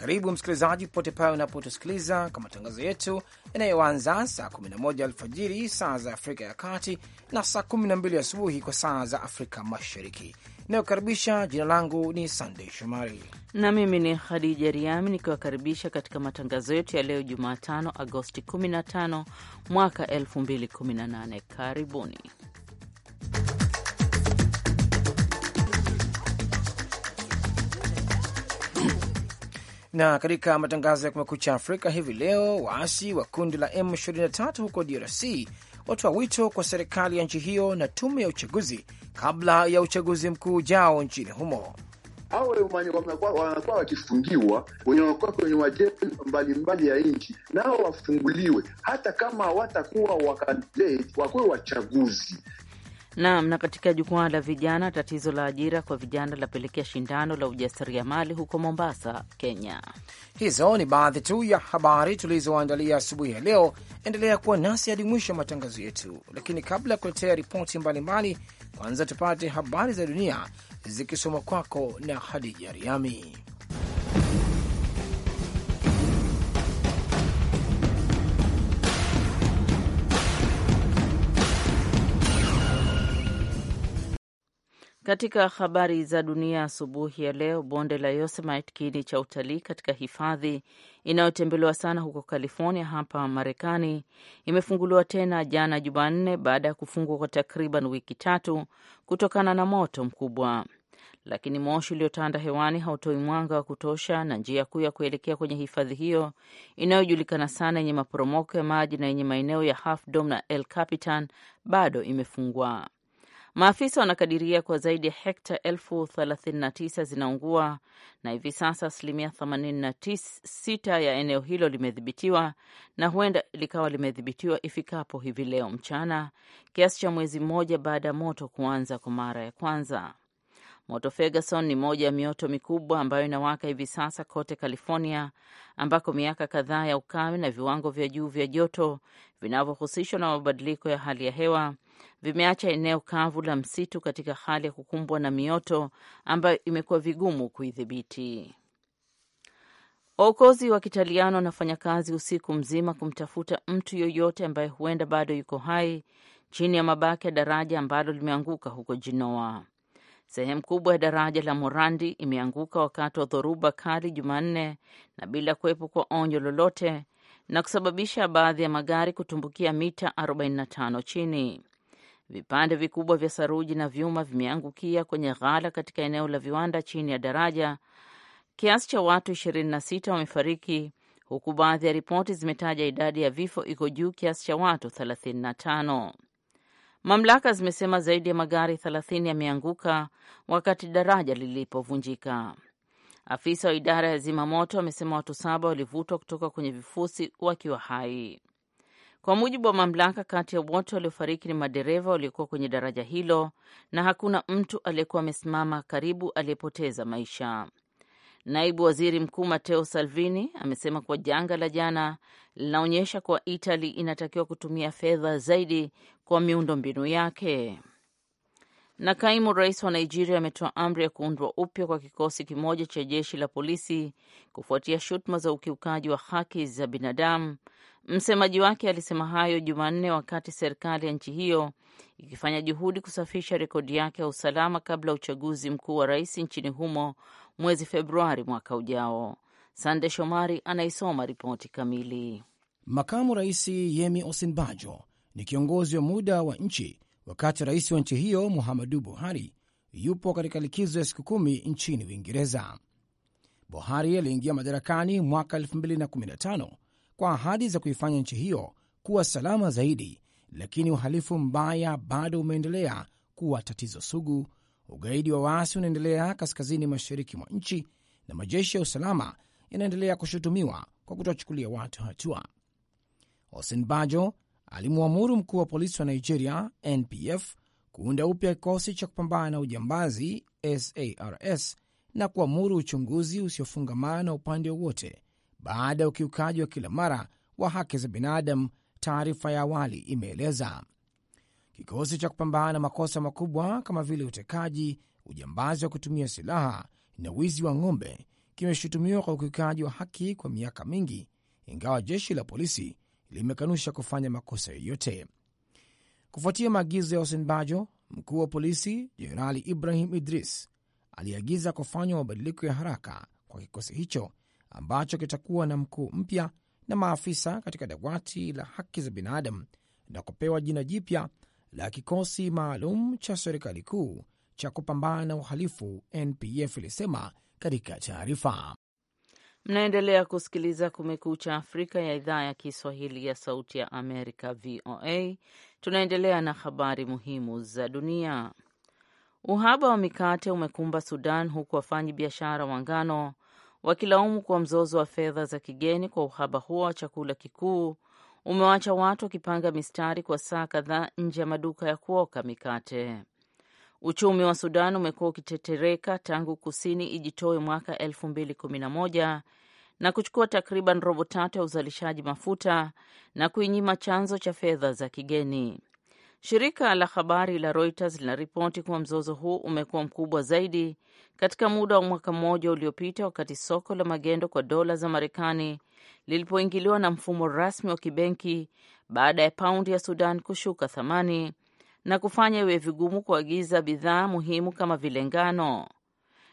Karibu msikilizaji, popote pale unapotusikiliza kwa matangazo yetu yanayoanza saa 11 alfajiri saa za Afrika ya Kati na saa 12 asubuhi kwa saa za Afrika Mashariki inayokaribisha. Jina langu ni Sandei Shomari na mimi ni Khadija Riami nikiwakaribisha katika matangazo yetu ya leo Jumatano Agosti 15 mwaka 2018. Karibuni. Na katika matangazo ya Kumekucha Afrika hivi leo, waasi wa kundi la M23 huko DRC watoa wito kwa serikali ya nchi hiyo na tume ya uchaguzi kabla ya uchaguzi mkuu ujao nchini humo. Awe wanakuwa wakifungiwa wenye wanakuwa kwenye majela mbalimbali ya nchi, nao wafunguliwe, hata kama watakuwa wakandet wakuwe wachaguzi Naam. Na katika jukwaa la vijana, tatizo la ajira kwa vijana lapelekea shindano la ujasiriamali huko Mombasa, Kenya. Hizo ni baadhi tu ya habari tulizoandalia asubuhi ya leo. Endelea kuwa nasi hadi mwisho wa matangazo yetu, lakini kabla ya kuletea ripoti mbalimbali, kwanza tupate habari za dunia zikisoma kwako na Hadija Riami. Katika habari za dunia asubuhi ya leo, bonde la Yosemite, kiini cha utalii katika hifadhi inayotembelewa sana huko California hapa Marekani, imefunguliwa tena jana Jumanne baada ya kufungwa kwa takriban wiki tatu kutokana na moto mkubwa. Lakini moshi uliotanda hewani hautoi mwanga wa kutosha, na njia kuu ya kuelekea kwenye hifadhi hiyo inayojulikana sana yenye maporomoko ya maji na yenye maeneo ya Half Dome na El Capitan bado imefungwa. Maafisa wanakadiria kwa zaidi ya hekta elfu 39 zinaungua na hivi sasa asilimia 86 ya eneo hilo limedhibitiwa na huenda likawa limedhibitiwa ifikapo hivi leo mchana, kiasi cha mwezi mmoja baada ya moto kuanza kwa mara ya kwanza. Moto Ferguson ni moja ya mioto mikubwa ambayo inawaka hivi sasa kote California, ambako miaka kadhaa ya ukame na viwango vya juu vya joto vinavyohusishwa na mabadiliko ya hali ya hewa vimeacha eneo kavu la msitu katika hali ya kukumbwa na mioto ambayo imekuwa vigumu kuidhibiti. Waokozi wa Kitaliano wanafanya kazi usiku mzima kumtafuta mtu yoyote ambaye huenda bado yuko hai chini ya mabaki ya daraja ambalo limeanguka huko Jinoa. Sehemu kubwa ya daraja la Morandi imeanguka wakati wa dhoruba kali Jumanne na bila kuwepo kwa onyo lolote na kusababisha baadhi ya magari kutumbukia mita 45 chini. Vipande vikubwa vya saruji na vyuma vimeangukia kwenye ghala katika eneo la viwanda chini ya daraja. Kiasi cha watu 26 wamefariki huku baadhi ya ripoti zimetaja idadi ya vifo iko juu kiasi cha watu 35. Mamlaka zimesema zaidi ya magari 30 yameanguka wakati daraja lilipovunjika. Afisa wa idara ya zimamoto amesema watu saba walivutwa kutoka kwenye vifusi wakiwa hai. Kwa mujibu wa mamlaka, kati ya wote waliofariki ni madereva waliokuwa kwenye daraja hilo na hakuna mtu aliyekuwa amesimama karibu aliyepoteza maisha. Naibu waziri mkuu Matteo Salvini amesema kuwa janga la jana linaonyesha kuwa Itali inatakiwa kutumia fedha zaidi kwa miundo mbinu yake. Na kaimu rais wa Nigeria ametoa amri ya kuundwa upya kwa kikosi kimoja cha jeshi la polisi kufuatia shutuma za ukiukaji wa haki za binadamu. Msemaji wake alisema hayo Jumanne wakati serikali ya nchi hiyo ikifanya juhudi kusafisha rekodi yake ya usalama kabla ya uchaguzi mkuu wa rais nchini humo mwezi Februari mwaka ujao. Sande Shomari anaisoma ripoti kamili. Makamu Rais Yemi Osinbajo ni kiongozi wa muda wa nchi wakati rais wa nchi hiyo Muhammadu Buhari yupo katika likizo ya siku kumi nchini Uingereza. Buhari aliingia madarakani mwaka 2015 kwa ahadi za kuifanya nchi hiyo kuwa salama zaidi, lakini uhalifu mbaya bado umeendelea kuwa tatizo sugu. Ugaidi wa waasi unaendelea kaskazini mashariki mwa nchi na majeshi ya usalama yanaendelea kushutumiwa kwa kutochukulia watu hatua. Bajo alimwamuru mkuu wa polisi wa Nigeria NPF kuunda upya kikosi cha kupambana na ujambazi SARS na kuamuru uchunguzi usiofungamana na upande wowote baada ya ukiukaji wa kila mara wa haki za binadamu, taarifa ya awali imeeleza. Kikosi cha kupambana na makosa makubwa kama vile utekaji, ujambazi wa kutumia silaha na wizi wa ng'ombe kimeshutumiwa kwa ukiukaji wa haki kwa miaka mingi, ingawa jeshi la polisi limekanusha kufanya makosa yoyote. Kufuatia maagizo ya Osinbajo, mkuu wa polisi Jenerali Ibrahim Idris aliagiza kufanywa mabadiliko ya haraka kwa kikosi hicho ambacho kitakuwa na mkuu mpya na maafisa katika dawati la haki za binadamu na kupewa jina jipya la kikosi maalum cha serikali kuu cha kupambana na uhalifu, NPF ilisema katika taarifa. Mnaendelea kusikiliza Kumekucha Afrika ya idhaa ya Kiswahili ya Sauti ya Amerika, VOA. Tunaendelea na habari muhimu za dunia. Uhaba wa mikate umekumba Sudan, huku wafanyi biashara wa ngano wakilaumu kuwa mzozo wa fedha za kigeni kwa uhaba huo wa chakula kikuu umewacha watu wakipanga mistari kwa saa kadhaa nje ya maduka ya kuoka mikate. Uchumi wa Sudan umekuwa ukitetereka tangu kusini ijitoe mwaka 2011 na kuchukua takriban robo tatu ya uzalishaji mafuta na kuinyima chanzo cha fedha za kigeni. Shirika la habari la Reuters linaripoti kuwa mzozo huu umekuwa mkubwa zaidi katika muda wa mwaka mmoja uliopita, wakati soko la magendo kwa dola za Marekani lilipoingiliwa na mfumo rasmi wa kibenki baada ya paundi ya Sudan kushuka thamani na kufanya iwe vigumu kuagiza bidhaa muhimu kama vile ngano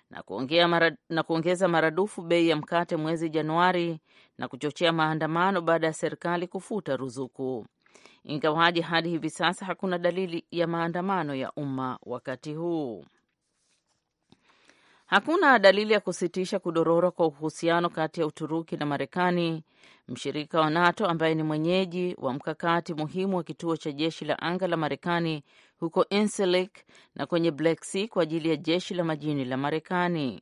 na, mara, na kuongeza maradufu bei ya mkate mwezi Januari na kuchochea maandamano baada ya serikali kufuta ruzuku, ingawaji hadi hivi sasa hakuna dalili ya maandamano ya umma wakati huu. Hakuna dalili ya kusitisha kudorora kwa uhusiano kati ya Uturuki na Marekani, mshirika wa NATO ambaye ni mwenyeji wa mkakati muhimu wa kituo cha jeshi la anga la Marekani huko Incirlik na kwenye Black Sea kwa ajili ya jeshi la majini la Marekani.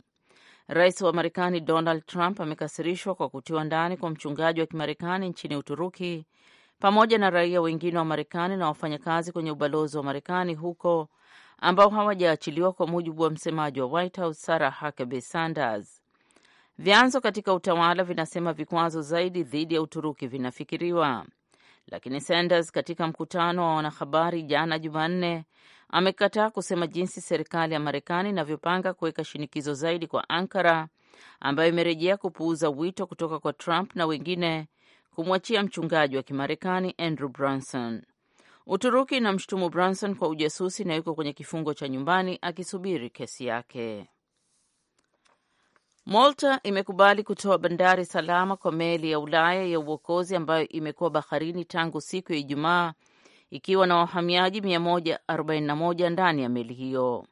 Rais wa Marekani Donald Trump amekasirishwa kwa kutiwa ndani kwa mchungaji wa Kimarekani nchini Uturuki pamoja na raia wengine wa Marekani na wafanyakazi kwenye ubalozi wa Marekani huko ambao hawajaachiliwa kwa mujibu wa msemaji wa White House Sarah Huckabee Sanders. Vyanzo katika utawala vinasema vikwazo zaidi dhidi ya Uturuki vinafikiriwa, lakini Sanders katika mkutano wa wanahabari jana Jumanne amekataa kusema jinsi serikali ya Marekani inavyopanga kuweka shinikizo zaidi kwa Ankara, ambayo imerejea kupuuza wito kutoka kwa Trump na wengine kumwachia mchungaji wa Kimarekani Andrew Branson. Uturuki inamshutumu Branson kwa ujasusi na yuko kwenye kifungo cha nyumbani akisubiri kesi yake. Malta imekubali kutoa bandari salama kwa meli ya Ulaya ya uokozi ambayo imekuwa baharini tangu siku ya Ijumaa ikiwa na wahamiaji 141 ndani ya meli hiyo.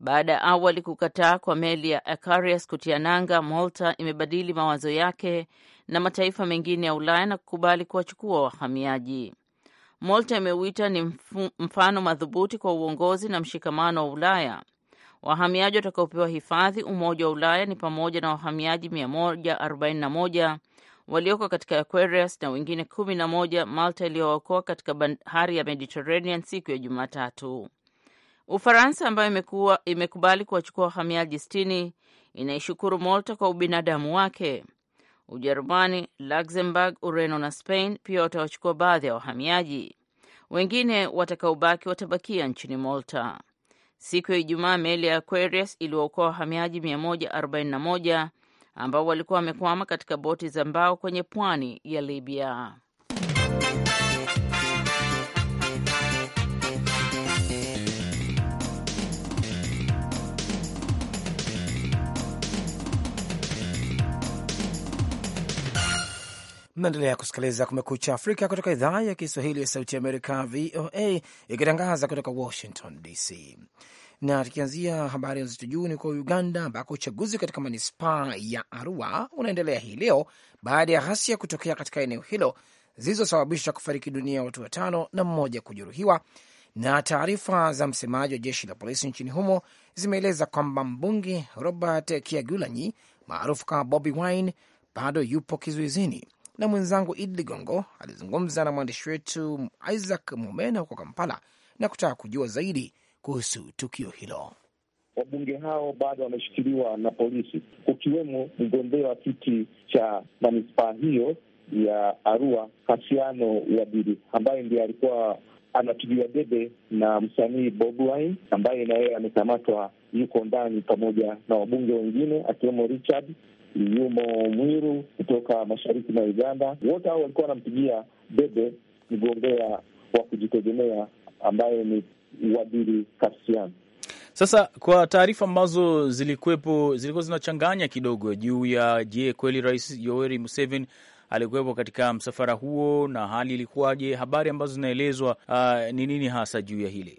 Baada ya awali kukataa kwa meli ya acarius kutia nanga, Malta imebadili mawazo yake na mataifa mengine ya Ulaya na kukubali kuwachukua wahamiaji. Malta ameuita ni mfano madhubuti kwa uongozi na mshikamano wa Ulaya. Wahamiaji watakaopewa hifadhi Umoja wa Ulaya ni pamoja na wahamiaji 141 walioko katika Aquarius na wengine 11 Malta iliyookoa katika bahari ya Mediterranean siku ya Jumatatu. Ufaransa ambayo imekuwa imekubali kuwachukua wahamiaji 60 inaishukuru Malta kwa ubinadamu wake. Ujerumani, Luxembourg, Ureno na Spain pia watawachukua baadhi ya wahamiaji. Wengine watakaobaki watabakia nchini Malta. Siku ya Ijumaa, meli ya Aquarius iliwaokoa wahamiaji 141 ambao walikuwa wamekwama katika boti za mbao kwenye pwani ya Libya. Mnaendelea kusikiliza Kumekucha Afrika kutoka idhaa ya Kiswahili ya Sauti Amerika, VOA, ikitangaza kutoka Washington DC. Na tukianzia habari nzito juu ni kwa Uganda, ambako uchaguzi katika manispaa ya Arua unaendelea hii leo baada ya ghasia kutokea katika eneo hilo zilizosababisha kufariki dunia watu watano na mmoja kujeruhiwa. Na taarifa za msemaji wa jeshi la polisi nchini humo zimeeleza kwamba mbunge Robert kiagulanyi maarufu kama Bobi Wine bado yupo kizuizini na mwenzangu id Ligongo alizungumza na mwandishi wetu Isaac Mumena huko Kampala na kutaka kujua zaidi kuhusu tukio hilo. Wabunge hao bado wameshikiliwa na polisi, kukiwemo mgombea wa kiti cha manispaa hiyo ya Arua, Kasiano Wadiri, ambaye ndiye alikuwa anapigiwa debe na msanii Bobi Wine, ambaye na yeye amekamatwa, yuko ndani pamoja na wabunge wengine akiwemo Richard yumo Mwiru kutoka mashariki mwa Uganda. Wote hao walikuwa wanampigia debe mgombea wa kujitegemea ambaye ni Uwadiri Kasian. Sasa kwa taarifa ambazo zilikuwepo zilikuwa zinachanganya kidogo juu ya je, kweli Rais Yoweri Museveni alikuwepo katika msafara huo na hali ilikuwaje? Habari ambazo zinaelezwa ah, ni uh, nini hasa juu ya hili?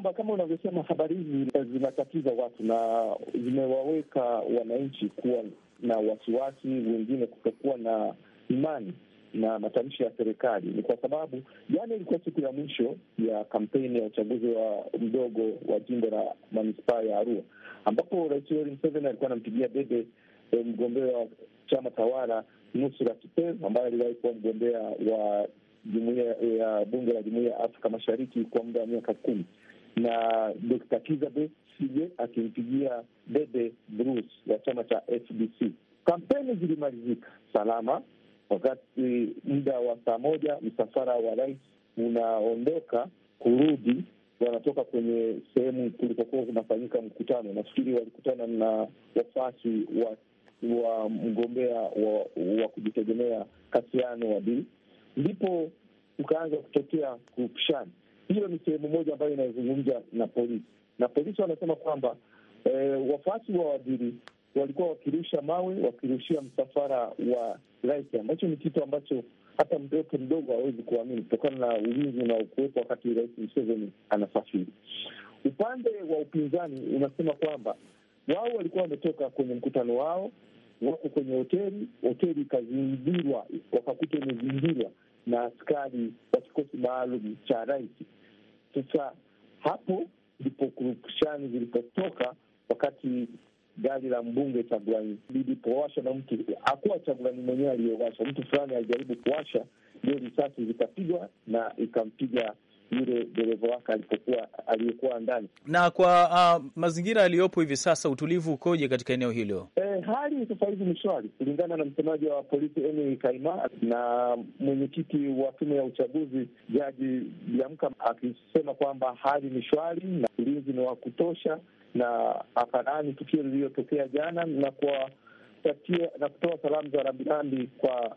kwamba kama unavyosema, habari hizi zinatatiza watu na zimewaweka wananchi kuwa na wasiwasi, wengine kutokuwa na imani na matamshi ya serikali. Ni kwa sababu jana ilikuwa siku ya mwisho ya kampeni ya uchaguzi wa mdogo wa jimbo la manispaa ya Arua, ambapo Rais Yoweri Museveni alikuwa anampigia debe eh, mgombea wa chama tawala nusra Kipero ambaye aliwahi kuwa mgombea wa jumuia ya bunge la jumuia ya Afrika Mashariki kwa muda wa miaka kumi na Dkt. Kizza Besigye akimpigia debe Bruce ya chama cha FDC. Kampeni zilimalizika salama. Wakati muda wa saa moja msafara wa rais unaondoka kurudi, wanatoka kwenye sehemu kulikokuwa kunafanyika mkutano. Nafikiri walikutana na wafuasi wa wa mgombea wa, wa kujitegemea Kasiano Wadri, ndipo ukaanza kutokea kupishana hiyo ni sehemu moja ambayo inazungumza na polisi, na polisi wanasema kwamba e, wafuasi wa Wabiri walikuwa wakirusha mawe, wakirushia msafara wa rais, ambacho ni kitu ambacho hata mtoto mdogo hawezi kuamini kutokana na ulinzi unaokuwepo wakati Rais Museveni anasafiri. Upande wa upinzani unasema kwamba wao walikuwa wametoka kwenye mkutano wao, wako kwenye hoteli, hoteli ikazingirwa, wakakuta imezingirwa na askari wa kikosi maalum cha rais. Sasa hapo ndipo kurukushani zilipotoka wakati gari la mbunge Chagulani lilipowashwa na mtu, hakuwa Chagulani mwenyewe aliyowasha mtu fulani alijaribu kuwasha, ndio risasi zikapigwa na ikampiga yule dereva wake alipokuwa aliyekuwa ndani. Na kwa uh, mazingira yaliyopo hivi sasa, utulivu ukoje katika eneo hilo? E, hali sasa hivi ni shwari kulingana na msemaji wa polisi Emily Kaima na mwenyekiti wa tume ya uchaguzi Jaji yamka akisema kwamba hali ni shwari na ulinzi ni wa kutosha, na akalaani tukio lililotokea jana na kuwatakia na kutoa salamu za rambirambi kwa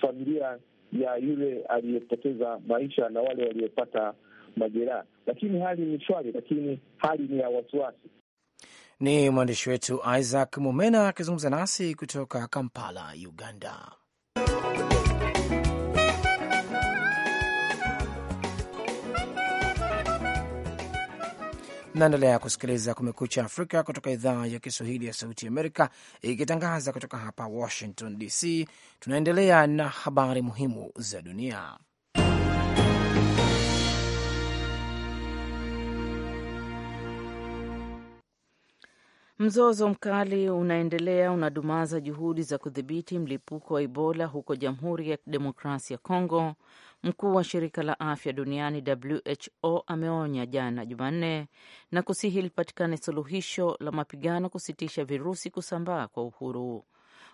familia ya yule aliyepoteza maisha na wale waliopata majeraha, lakini hali ni shwari, lakini hali ni ya wasiwasi. Ni mwandishi wetu Isaac Mumena akizungumza nasi kutoka Kampala, Uganda. Naendelea kusikiliza Kumekucha Afrika kutoka idhaa ya Kiswahili ya Sauti Amerika, ikitangaza kutoka hapa Washington DC. Tunaendelea na habari muhimu za dunia. Mzozo mkali unaendelea unadumaza juhudi za kudhibiti mlipuko wa Ebola huko Jamhuri ya Kidemokrasia ya Kongo Mkuu wa shirika la afya duniani WHO ameonya jana Jumanne na kusihi lipatikane suluhisho la mapigano kusitisha virusi kusambaa kwa uhuru,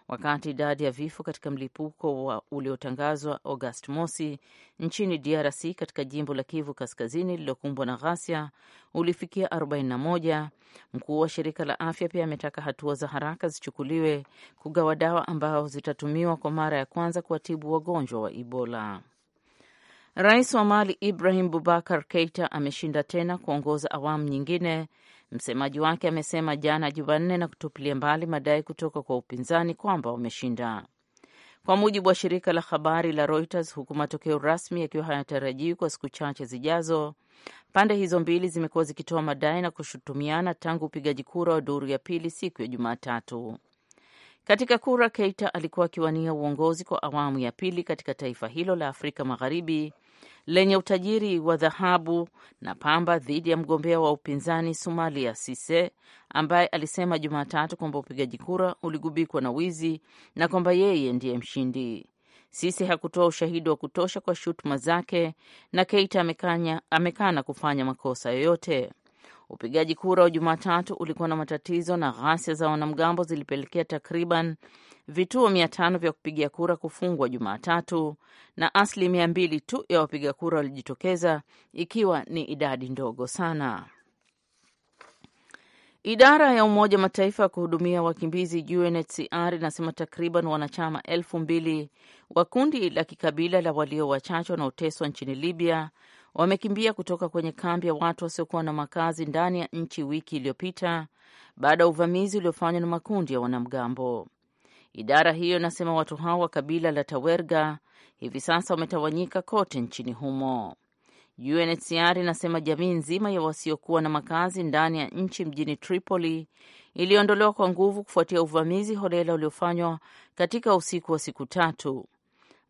wakati idadi ya vifo katika mlipuko wa uliotangazwa Agosti mosi nchini DRC katika jimbo la Kivu Kaskazini lililokumbwa na ghasia ulifikia 41. Mkuu wa shirika la afya pia ametaka hatua za haraka zichukuliwe kugawa dawa ambazo zitatumiwa kwa mara ya kwanza kuwatibu wagonjwa wa Ebola. Rais wa Mali Ibrahim Bubakar Keita ameshinda tena kuongoza awamu nyingine, msemaji wake amesema jana Jumanne, na kutupilia mbali madai kutoka kwa upinzani kwamba wameshinda, kwa mujibu wa shirika la habari la Reuters, huku matokeo rasmi yakiwa hayatarajiwi kwa siku chache zijazo. Pande hizo mbili zimekuwa zikitoa madai na kushutumiana tangu upigaji kura wa duru ya pili siku ya Jumatatu. Katika kura, Keita alikuwa akiwania uongozi kwa awamu ya pili katika taifa hilo la Afrika Magharibi lenye utajiri wa dhahabu na pamba dhidi ya mgombea wa upinzani Sumalia sise ambaye alisema Jumatatu kwamba upigaji kura uligubikwa na wizi na kwamba yeye ndiye mshindi. sise hakutoa ushahidi wa kutosha kwa shutuma zake na Keita amekanya, amekana kufanya makosa yoyote. Upigaji kura wa Jumatatu ulikuwa na matatizo na ghasia za wanamgambo zilipelekea takriban vituo mia tano vya kupigia kura kufungwa Jumatatu na mia mbili tu ya wapiga kura walijitokeza, ikiwa ni idadi ndogo sana. Idara ya Umoja wa Mataifa ya kuhudumia wakimbizi UNHCR inasema takriban wanachama elfu mbili wa kundi la kikabila la walio wachache wanaoteswa nchini Libya wamekimbia kutoka kwenye kambi ya watu wasiokuwa na makazi ndani ya nchi wiki iliyopita baada ya uvamizi uliofanywa na makundi ya wanamgambo. Idara hiyo inasema watu hao wa kabila la Tawerga hivi sasa wametawanyika kote nchini humo. UNHCR inasema jamii nzima ya wasiokuwa na makazi ndani ya nchi mjini Tripoli iliondolewa kwa nguvu kufuatia uvamizi holela uliofanywa katika usiku wa siku tatu.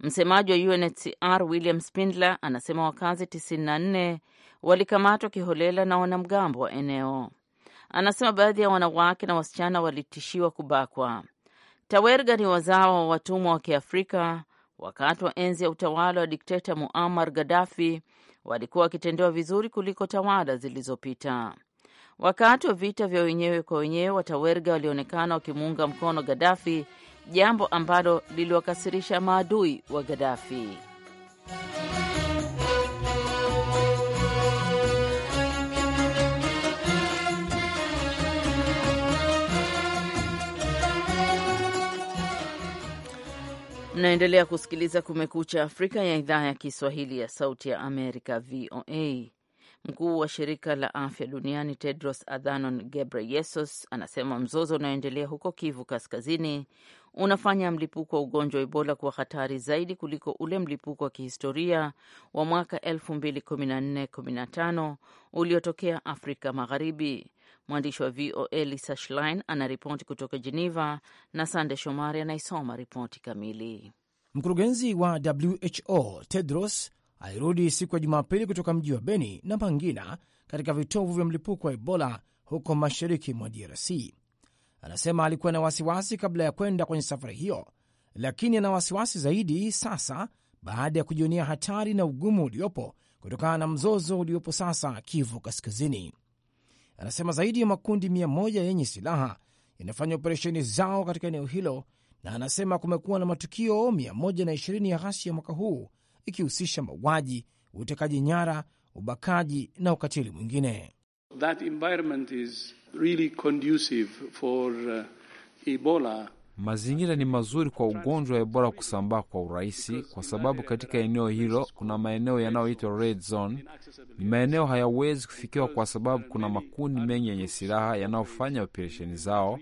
Msemaji wa UNHCR William Spindler anasema wakazi 94 walikamatwa kiholela na wanamgambo wa eneo. Anasema baadhi ya wanawake na wasichana walitishiwa kubakwa. Tawerga ni wazawa wa watumwa wa Kiafrika. Wakati wa enzi ya utawala wa dikteta Muammar Gaddafi walikuwa wakitendewa vizuri kuliko tawala zilizopita. Wakati wa vita vya wenyewe kwa wenyewe, Watawerga walionekana wakimuunga mkono Gaddafi, jambo ambalo liliwakasirisha maadui wa Gaddafi. Mnaendelea kusikiliza Kumekucha Afrika ya idhaa ya Kiswahili ya Sauti ya Amerika, VOA. Mkuu wa shirika la afya duniani Tedros Adhanom Ghebreyesus anasema mzozo unaoendelea huko Kivu Kaskazini unafanya mlipuko wa ugonjwa wa Ebola kuwa hatari zaidi kuliko ule mlipuko wa kihistoria wa mwaka 2014-15 uliotokea Afrika Magharibi. Mwandishi wa VOA Lisa Schlein anaripoti kutoka Geneva na Sande Shomari anaisoma ripoti kamili. Mkurugenzi wa WHO Tedros alirudi siku ya Jumapili kutoka mji wa Beni na Mangina katika vitovu vya mlipuko wa Ebola huko mashariki mwa DRC. Anasema alikuwa na wasiwasi kabla ya kwenda kwenye safari hiyo, lakini ana wasiwasi zaidi sasa baada ya kujionea hatari na ugumu uliopo kutokana na mzozo uliopo sasa Kivu Kaskazini. Anasema zaidi ya makundi mia moja yenye silaha yanafanya operesheni zao katika eneo hilo, na anasema kumekuwa na matukio 120 moja na ya ghasia mwaka huu ikihusisha mauaji, utekaji nyara, ubakaji na ukatili mwingine. That environment is really conducive for, uh, Ebola Mazingira ni mazuri kwa ugonjwa wa Ebola kusambaa kwa urahisi, kwa sababu katika eneo hilo kuna maeneo yanayoitwa red zone. Ni maeneo hayawezi kufikiwa kwa sababu kuna makundi mengi yenye silaha yanayofanya operesheni zao,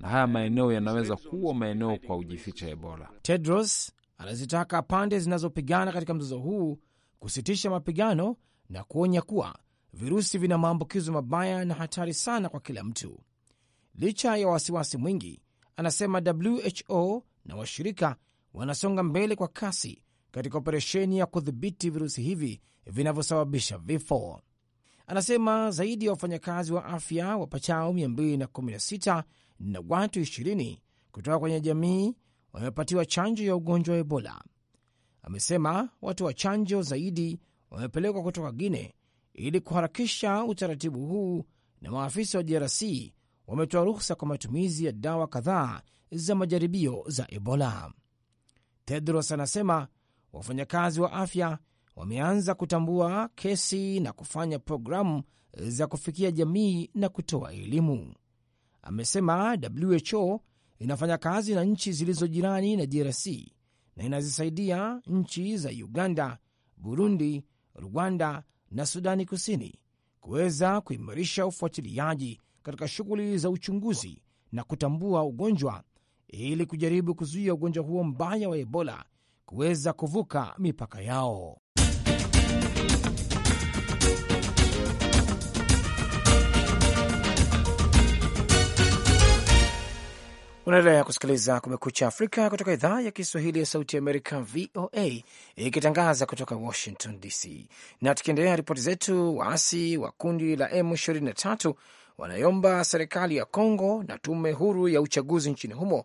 na haya maeneo yanaweza kuwa maeneo kwa ujificha Ebola. Tedros anazitaka pande zinazopigana katika mzozo huu kusitisha mapigano na kuonya kuwa virusi vina maambukizo mabaya na hatari sana kwa kila mtu. Licha ya wasiwasi mwingi anasema WHO na washirika wanasonga mbele kwa kasi katika operesheni ya kudhibiti virusi hivi vinavyosababisha vifo. Anasema zaidi ya wafanyakazi wa afya wapatao 216 na watu 20 kutoka kwenye jamii wamepatiwa chanjo ya ugonjwa wa Ebola. Amesema watu wa chanjo zaidi wamepelekwa kutoka Guine ili kuharakisha utaratibu huu, na maafisa wa DRC wametoa ruhusa kwa matumizi ya dawa kadhaa za majaribio za Ebola. Tedros anasema wafanyakazi wa afya wameanza kutambua kesi na kufanya programu za kufikia jamii na kutoa elimu. Amesema WHO inafanya kazi na nchi zilizo jirani na DRC na inazisaidia nchi za Uganda, Burundi, Rwanda na Sudani Kusini kuweza kuimarisha ufuatiliaji katika shughuli za uchunguzi na kutambua ugonjwa ili kujaribu kuzuia ugonjwa huo mbaya wa Ebola kuweza kuvuka mipaka yao. Unaendelea kusikiliza Kumekucha Afrika kutoka idhaa ya Kiswahili ya Sauti ya Amerika, VOA, ikitangaza kutoka Washington DC. Na tukiendelea ripoti zetu, waasi wa kundi la M23 wanaiomba serikali ya congo na tume huru ya uchaguzi nchini humo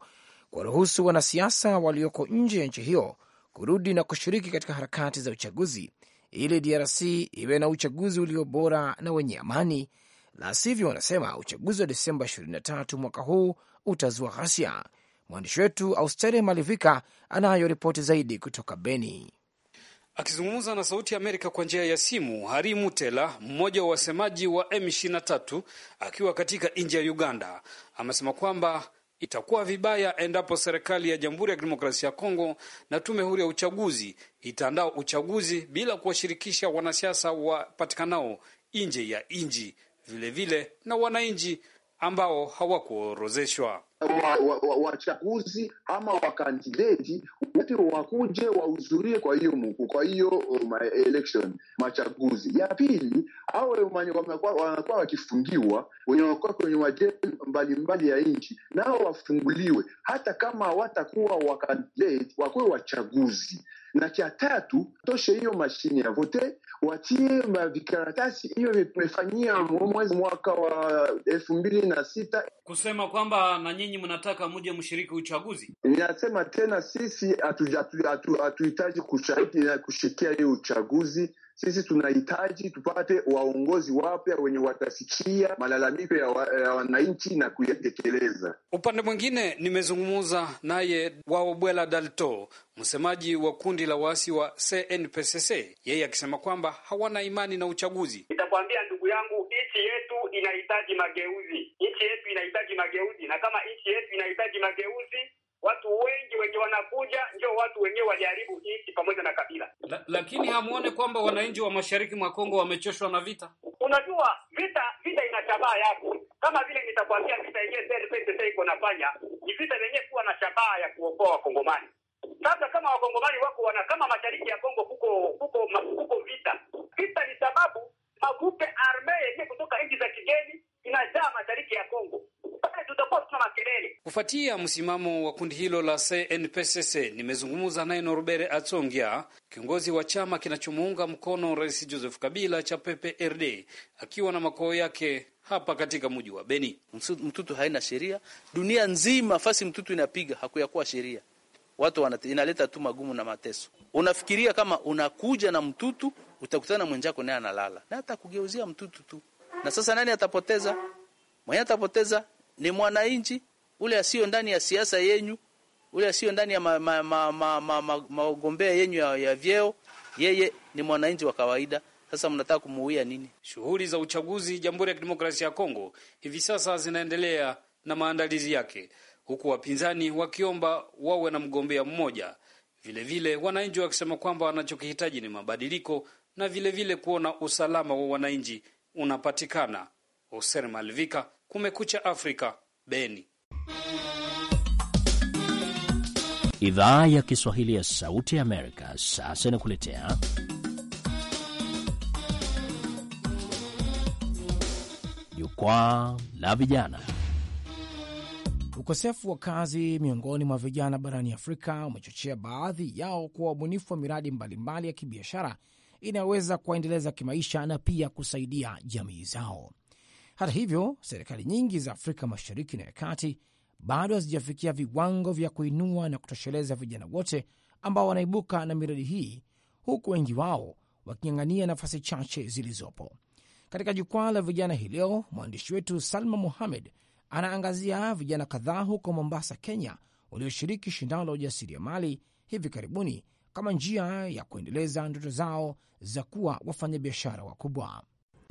kuwaruhusu wanasiasa walioko nje ya nchi hiyo kurudi na kushiriki katika harakati za uchaguzi ili DRC iwe na uchaguzi ulio bora na wenye amani. La sivyo, wanasema uchaguzi wa Desemba 23 mwaka huu utazua ghasia. Mwandishi wetu Austere Malivika anayo ripoti zaidi kutoka Beni. Akizungumza na Sauti ya Amerika kwa njia ya simu, Hari Mutela, mmoja wa wasemaji wa M23 akiwa katika nchi ya Uganda, amesema kwamba itakuwa vibaya endapo serikali ya Jamhuri ya Kidemokrasia ya Kongo na tume huru ya uchaguzi itaandaa uchaguzi bila kuwashirikisha wanasiasa wapatikanao nje ya nchi, vilevile na wananchi ambao hawakuorozeshwa wachaguzi wa, wa ama wakandideti wote wakuje wahuzurie kwa hiyo muku kwa hiyo um, election machaguzi. Ya pili, awe wanakuwa wakifungiwa wenye wanakuwa kwenye majeli mbalimbali ya nchi, nao wafunguliwe, hata kama hawatakuwa wakandideti, wakuwe wachaguzi na cha tatu, toshe hiyo mashine ya vote, watie vikaratasi hiyo vimefanyia mwezi mwaka wa elfu mbili na sita kusema kwamba na nyinyi mnataka muje mshiriki uchaguzi. Ninasema tena sisi hatuhitaji kushiriki hiyo uchaguzi sisi tunahitaji tupate waongozi wapya wenye watasikia malalamiko ya, wa, ya wananchi na kuyatekeleza. Upande mwingine, nimezungumza naye Waobwela Dalto, msemaji wa kundi la waasi wa CNPCC, yeye akisema kwamba hawana imani na uchaguzi. Nitakwambia ndugu yangu, nchi yetu inahitaji mageuzi, nchi yetu inahitaji mageuzi, na kama nchi yetu inahitaji mageuzi watu wengi wenye wanakuja ndio watu wenyewe wajaribu nchi pamoja na kabila la, lakini hamuone kwamba wananchi wa mashariki mwa Kongo wamechoshwa na vita? Unajua vita vita ina shabaha yake kama vile nitakwambia vita yenyewe sasa iko nafanya ni vita yenyewe kuwa na shabaha ya kuokoa Wakongomani. Sasa kama wakongomani wako wana kama mashariki ya Kongo kuko kuko kuko vita, vita ni sababu magupe arme yenyewe kutoka nchi za kigeni inajaa mashariki ya Kongo makelele. Kufuatia msimamo wa kundi hilo la CNPSC, nimezungumza naye Norbere Atsongia, kiongozi wa chama kinachomuunga mkono Rais Joseph Kabila cha PPRD, akiwa na makao yake hapa katika mji wa Beni. Mtutu haina sheria dunia nzima, fasi mtutu inapiga hakuyakuwa sheria watu wanate, inaleta tu magumu na mateso. Unafikiria kama unakuja na mtutu utakutana na mwenzako naye analala na hata kugeuzia mtutu tu, na sasa nani atapoteza? Mwenye atapoteza ni mwananchi ule asiyo ndani ya siasa yenyu, ule asiyo ndani ya magombea ma, ma, ma, ma, ma, yenyu ya, ya vyeo, yeye ni mwananchi wa kawaida. Sasa mnataka kumuuia nini? Shughuli za uchaguzi Jamhuri ya Kidemokrasia ya Kongo hivi sasa zinaendelea na maandalizi yake, huku wapinzani wakiomba wawe na mgombea mmoja, vilevile wananchi wakisema kwamba wanachokihitaji ni mabadiliko na vilevile vile kuona usalama wa wananchi unapatikana. Hosen Malvika, Kumekucha Afrika, Beni. Idhaa ya Kiswahili ya Sauti ya Amerika sasa inakuletea Jukwaa la Vijana. Ukosefu wa kazi miongoni mwa vijana barani Afrika umechochea baadhi yao kuwa wabunifu wa miradi mbalimbali ya kibiashara inayoweza kuwaendeleza kimaisha na pia kusaidia jamii zao. Hata hivyo, serikali nyingi za Afrika Mashariki na ya Kati bado hazijafikia viwango vya kuinua na kutosheleza vijana wote ambao wanaibuka na miradi hii, huku wengi wao wakinyang'ania nafasi chache zilizopo. Katika jukwaa la vijana hii leo, mwandishi wetu Salma muhamed anaangazia vijana kadhaa huko Mombasa, Kenya, walioshiriki shindano la ujasiriamali hivi karibuni kama njia ya kuendeleza ndoto zao za kuwa wafanyabiashara wakubwa.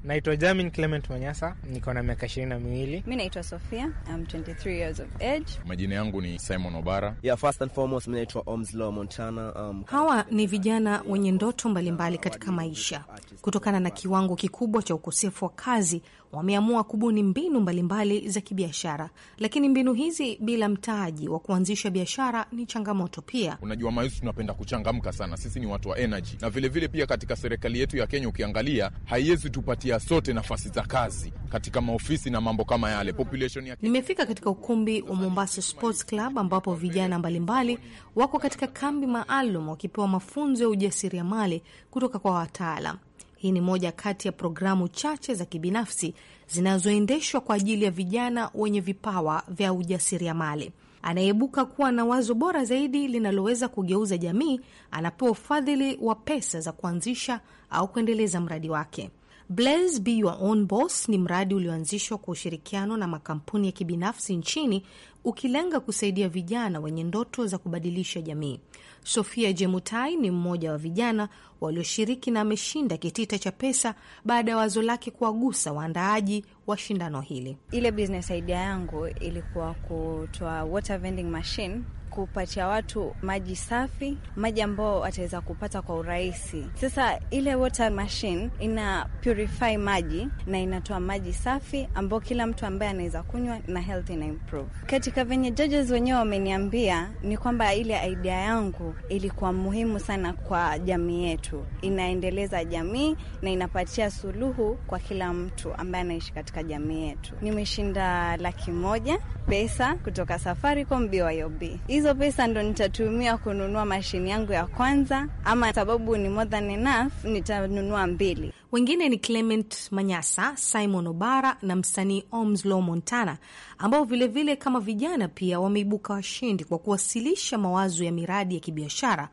Naitwa Jamin Clement Manyasa, niko na miaka ishirini na miwili. Mi naitwa Sofia, I'm 23 years of age. Majina yangu ni Simon Obara. Yeah, first and foremost, mi naitwa Omslo Montana. Um, hawa ni vijana wenye ndoto mbalimbali mbali katika maisha. Kutokana na kiwango kikubwa cha ukosefu wa kazi, wameamua kubuni mbinu mbalimbali mbali za kibiashara, lakini mbinu hizi bila mtaji wa kuanzisha biashara ni changamoto pia. Unajua, maisi tunapenda kuchangamka sana, sisi ni watu wa energy, na vilevile vile pia katika serikali yetu ya Kenya ukiangalia haiwezi tupatia sote nafasi za kazi katika maofisi na mambo kama yale. Population ya nimefika katika ukumbi wa Mombasa Sports Club ambapo vijana mbalimbali mbali wako katika kambi maalum wakipewa mafunzo ya ujasiriamali kutoka kwa wataalam. Hii ni moja kati ya programu chache za kibinafsi zinazoendeshwa kwa ajili ya vijana wenye vipawa vya ujasiriamali. Anayeibuka kuwa na wazo bora zaidi linaloweza kugeuza jamii anapewa ufadhili wa pesa za kuanzisha au kuendeleza mradi wake. Blaze Be Your Own Boss ni mradi ulioanzishwa kwa ushirikiano na makampuni ya kibinafsi nchini ukilenga kusaidia vijana wenye ndoto za kubadilisha jamii. Sofia Jemutai ni mmoja wa vijana walioshiriki na ameshinda kitita cha pesa baada ya wazo lake kuwagusa waandaaji wa shindano hili. Ile business idea yangu ilikuwa kutoa water vending machine kupatia watu maji safi, maji ambao wataweza kupata kwa urahisi. Sasa ile water machine ina purify maji na inatoa maji safi ambao kila mtu ambaye anaweza kunywa na health ina improve. Katika venye judges wenyewe wameniambia ni kwamba ile idea yangu ilikuwa muhimu sana kwa jamii yetu, inaendeleza jamii na inapatia suluhu kwa kila mtu ambaye anaishi katika jamii yetu. Nimeshinda laki moja pesa kutoka Safaricom BYOB hizo hizo pesa ndo nitatumia kununua mashini yangu ya kwanza, ama sababu ni more than enough, nitanunua mbili. Wengine ni Clement Manyasa, Simon Obara na msanii Omslow Montana, ambao vilevile vile kama vijana pia wameibuka washindi kwa kuwasilisha mawazo ya miradi ya kibiashara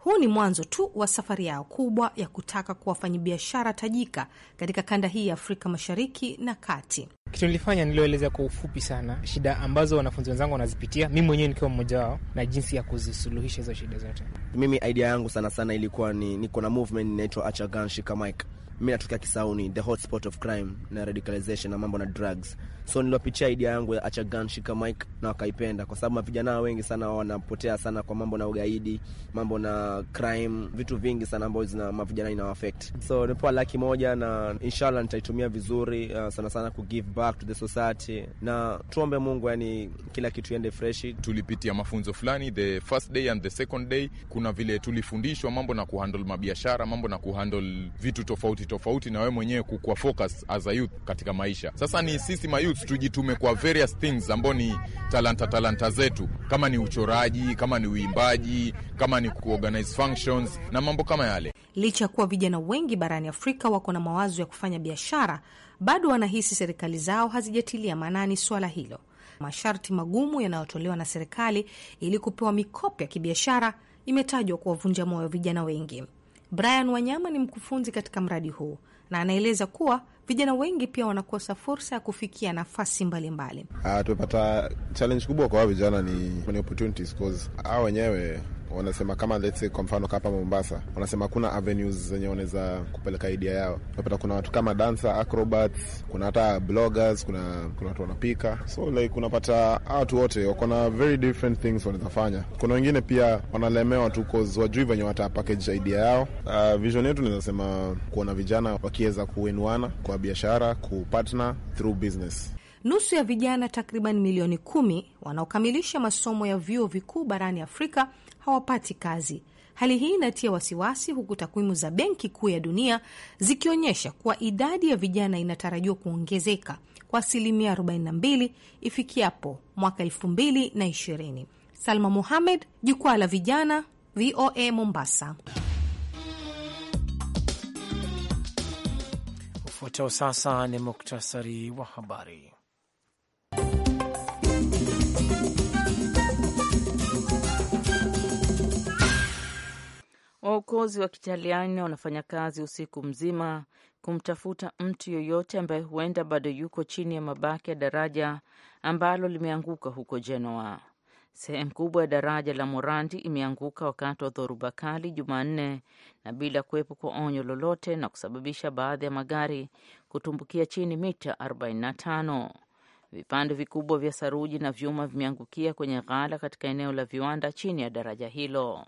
huu ni mwanzo tu wa safari yao kubwa ya kutaka kuwa wafanyabiashara tajika katika kanda hii ya Afrika Mashariki na Kati. Kitu nilifanya nilioeleza kwa ufupi sana shida ambazo wanafunzi wenzangu wanazipitia, mi mwenyewe nikiwa mmoja wao, na jinsi ya kuzisuluhisha hizo shida zote. Mimi idea yangu sana sana ilikuwa ni niko na movement inaitwa Achagan Shika Mike mi natokea Kisauni, the hotspot of crime na radicalization na mambo na drugs. So niliwapitia idea yangu ya acha gun shika mic na wakaipenda, kwa sababu mavijana wengi sana wanapotea sana kwa mambo na ugaidi, mambo na crime, vitu vingi sana ambao zina mavijana ina affect. So nipewa laki moja na inshallah nitaitumia vizuri, uh, sana sana ku give back to the society na tuombe Mungu, yani kila kitu iende freshi. Tulipitia mafunzo fulani the first day and the second day, kuna vile tulifundishwa mambo na kuhandle mabiashara, mambo na kuhandle vitu tofauti tofauti na wewe mwenyewe kukua focus as a youth katika maisha. Sasa ni sisi ma youth tujitume kwa various things ambao ni talanta talanta zetu, kama ni uchoraji, kama ni uimbaji, kama ni kuorganize functions na mambo kama yale. Licha ya kuwa vijana wengi barani Afrika wako na mawazo ya kufanya biashara, bado wanahisi serikali zao hazijatilia maanani swala hilo. Masharti magumu yanayotolewa na serikali ili kupewa mikopo ya kibiashara imetajwa kuwavunja moyo vijana wengi. Brian Wanyama ni mkufunzi katika mradi huu na anaeleza kuwa vijana wengi pia wanakosa fursa ya kufikia nafasi mbalimbali. Uh, tumepata challenge kubwa kwa vijana ni, ni opportunities cause hao wenyewe wanasema kama let's say, kwa mfano hapa Mombasa wanasema kuna avenues zenye wanaweza kupeleka idea yao. Unapata kuna watu kama dancer, acrobats, kuna hata bloggers, kuna kuna watu wanapika, so like unapata watu wote wako na very different things wanaweza fanya. Kuna wengine pia wanalemewa tu cause wajui venye wata package idea yao. Uh, vision yetu naweza sema kuona vijana wakiweza kuenuana kwa biashara, kupartner through business. Nusu ya vijana takriban milioni kumi wanaokamilisha masomo ya vyuo vikuu barani Afrika hawapati kazi. Hali hii inatia wasiwasi, huku takwimu za Benki Kuu ya Dunia zikionyesha kuwa idadi ya vijana inatarajiwa kuongezeka kwa asilimia 42 ifikiapo mwaka 2020. Salma Muhamed, Jukwaa la Vijana, VOA Mombasa. Ufuatao sasa ni muktasari wa habari. Waokozi wa Kitaliani wanafanya kazi usiku mzima kumtafuta mtu yoyote ambaye huenda bado yuko chini ya mabaki ya daraja ambalo limeanguka huko Genoa. Sehemu kubwa ya daraja la Morandi imeanguka wakati wa dhoruba kali Jumanne na bila kuwepo kwa onyo lolote na kusababisha baadhi ya magari kutumbukia chini mita 45. Vipande vikubwa vya saruji na vyuma vimeangukia kwenye ghala katika eneo la viwanda chini ya daraja hilo.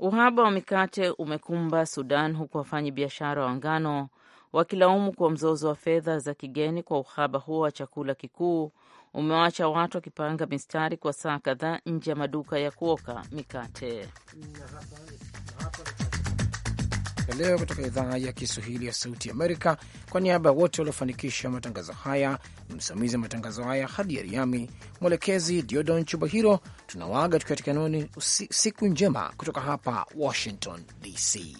Uhaba wa mikate umekumba Sudan, huku wafanyi biashara wa ngano wakilaumu kuwa mzozo wa fedha za kigeni kwa uhaba huo wa chakula kikuu umewacha watu wakipanga mistari kwa saa kadhaa nje ya maduka ya kuoka mikate ya leo kutoka idhaa ya Kiswahili ya Sauti Amerika. Kwa niaba ya wote waliofanikisha matangazo haya, msimamizi wa matangazo haya hadi ya riami mwelekezi Diodon Chubahiro, tunawaaga tukiwatakia noni siku njema kutoka hapa Washington DC.